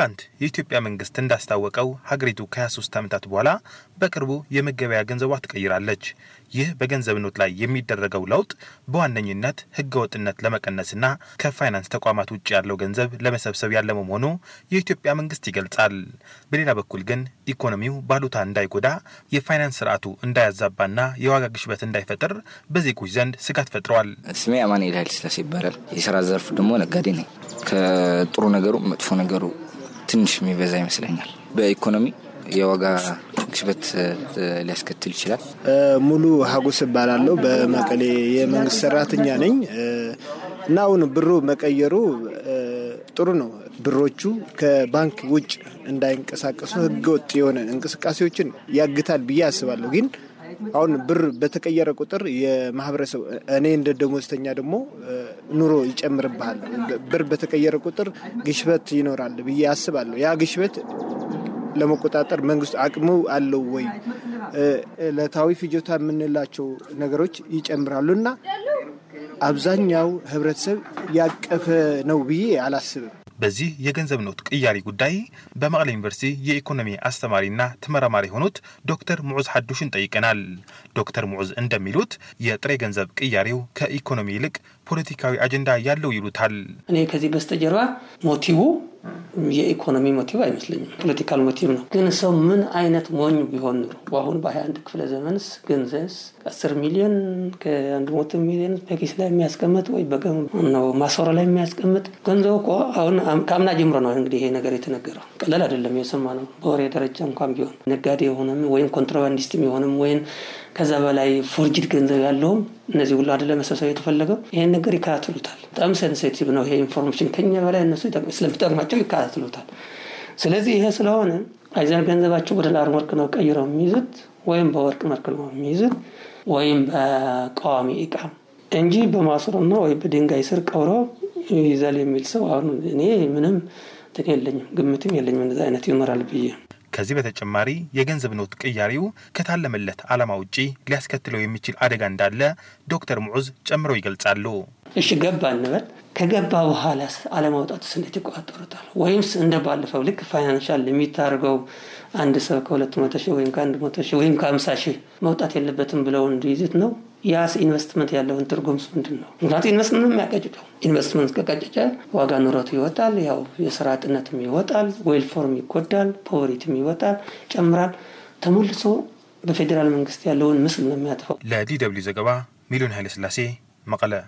ትላንት የኢትዮጵያ መንግስት እንዳስታወቀው ሀገሪቱ ከ23 ዓመታት በኋላ በቅርቡ የመገበያ ገንዘቧ ትቀይራለች። ይህ በገንዘብ ኖት ላይ የሚደረገው ለውጥ በዋነኝነት ህገወጥነት ለመቀነስና ከፋይናንስ ተቋማት ውጭ ያለው ገንዘብ ለመሰብሰብ ያለመ መሆኑ የኢትዮጵያ መንግስት ይገልጻል። በሌላ በኩል ግን ኢኮኖሚው ባሉታ እንዳይጎዳ፣ የፋይናንስ ስርዓቱ እንዳያዛባና የዋጋ ግሽበት እንዳይፈጥር በዜጎች ዘንድ ስጋት ፈጥረዋል። ስሜ አማን ስለሲ ይባላል። የስራ ዘርፍ ደግሞ ነጋዴ ነኝ። ከጥሩ ነገሩ መጥፎ ነገሩ ትንሽ የሚበዛ ይመስለኛል። በኢኮኖሚ የዋጋ ግሽበት ሊያስከትል ይችላል። ሙሉ ሀጉስ እባላለሁ። በመቀሌ የመንግስት ሰራተኛ ነኝ እና አሁን ብሩ መቀየሩ ጥሩ ነው። ብሮቹ ከባንክ ውጭ እንዳይንቀሳቀሱ ህገወጥ የሆነ እንቅስቃሴዎችን ያግታል ብዬ አስባለሁ። ግን አሁን ብር በተቀየረ ቁጥር የማህበረሰብ እኔ እንደ ደሞዝተኛ ደግሞ ኑሮ ይጨምርብሃል። ብር በተቀየረ ቁጥር ግሽበት ይኖራል ብዬ አስባለሁ። ያ ግሽበት ለመቆጣጠር መንግስት አቅሙ አለው ወይ? እለታዊ ፍጆታ የምንላቸው ነገሮች ይጨምራሉ እና አብዛኛው ህብረተሰብ ያቀፈ ነው ብዬ አላስብም። በዚህ የገንዘብ ኖት ቅያሪ ጉዳይ በመቀለ ዩኒቨርሲቲ የኢኮኖሚ አስተማሪና ተመራማሪ የሆኑት ዶክተር ሙዑዝ ሐዱሽን ጠይቀናል። ዶክተር ሙዑዝ እንደሚሉት የጥሬ ገንዘብ ቅያሬው ከኢኮኖሚ ይልቅ ፖለቲካዊ አጀንዳ ያለው ይሉታል። እኔ ከዚህ በስተጀርባ ሞቲቡ የኢኮኖሚ ሞቲቭ አይመስለኝም። ፖለቲካል ሞቲቭ ነው። ግን ሰው ምን አይነት ሞኝ ቢሆን ኑሮ በአሁኑ በ21 ክፍለ ዘመንስ ገንዘብስ ከ10 ሚሊዮን ከአንድ መቶ ሚሊዮን በኪስ ላይ የሚያስቀምጥ ወይ በገነው ማሰሮ ላይ የሚያስቀምጥ ገንዘቡ እኮ አሁን ከአምና ጀምሮ ነው እንግዲህ ይሄ ነገር የተነገረው። ቀለል አይደለም የሰማ ነው። በወሬ ደረጃ እንኳን ቢሆን ነጋዴ የሆነም ወይም ኮንትሮባንዲስትም የሆነም ወይም ከዛ በላይ ፎርጅድ ገንዘብ ያለውም እነዚህ ሁሉ አደለ መሰብሰብ የተፈለገው ይህን ነገር ይከታትሉታል። በጣም ሴንሴቲቭ ነው ይሄ ኢንፎርሜሽን ከኛ በላይ እነሱ ስለሚጠቅማቸው ይከታትሉታል። ስለዚህ ይሄ ስለሆነ አይዘር ገንዘባቸው በዶላር ወርቅ ነው ቀይረው የሚይዙት ወይም በወርቅ መልክ ነው የሚይዙት ወይም በቃዋሚ እቃ እንጂ በማስሮና ወይ በድንጋይ ስር ቀብሮ ይይዛል የሚል ሰው አሁን እኔ ምንም እንትን የለኝም፣ ግምትም የለኝም እንደዚ አይነት ይኖራል ብዬ ከዚህ በተጨማሪ የገንዘብ ኖት ቅያሪው ከታለመለት ዓላማ ውጪ ሊያስከትለው የሚችል አደጋ እንዳለ ዶክተር ሙዑዝ ጨምረው ይገልጻሉ። እሺ ገባ እንበል። ከገባ በኋላ አለማውጣቱስ እንዴት ይቆጣጠሩታል? ወይምስ እንደ ባለፈው ልክ ፋይናንሻል የሚታደርገው አንድ ሰው ከሁለት መቶ ሺህ ወይም ከአንድ መቶ ሺህ ወይም ከአምሳ ሺህ መውጣት የለበትም ብለው እንዲይዙት ነው ያስ ኢንቨስትመንት ያለውን ትርጉምስ ምንድን ነው? ምክንያቱ ኢንቨስትመንት የሚያቀጭጨው ኢንቨስትመንት ከቀጨጨ ዋጋ ንረቱ ይወጣል፣ ያው የስራ አጥነትም ይወጣል፣ ዌልፎርም ይጎዳል፣ ፖቨሪቲም ይወጣል፣ ጨምራል። ተሞልሶ በፌዴራል መንግስት ያለውን ምስል ነው የሚያጥፈው። ለዲ ደብልዩ ዘገባ ሚሊዮን ኃይለስላሴ መቀለ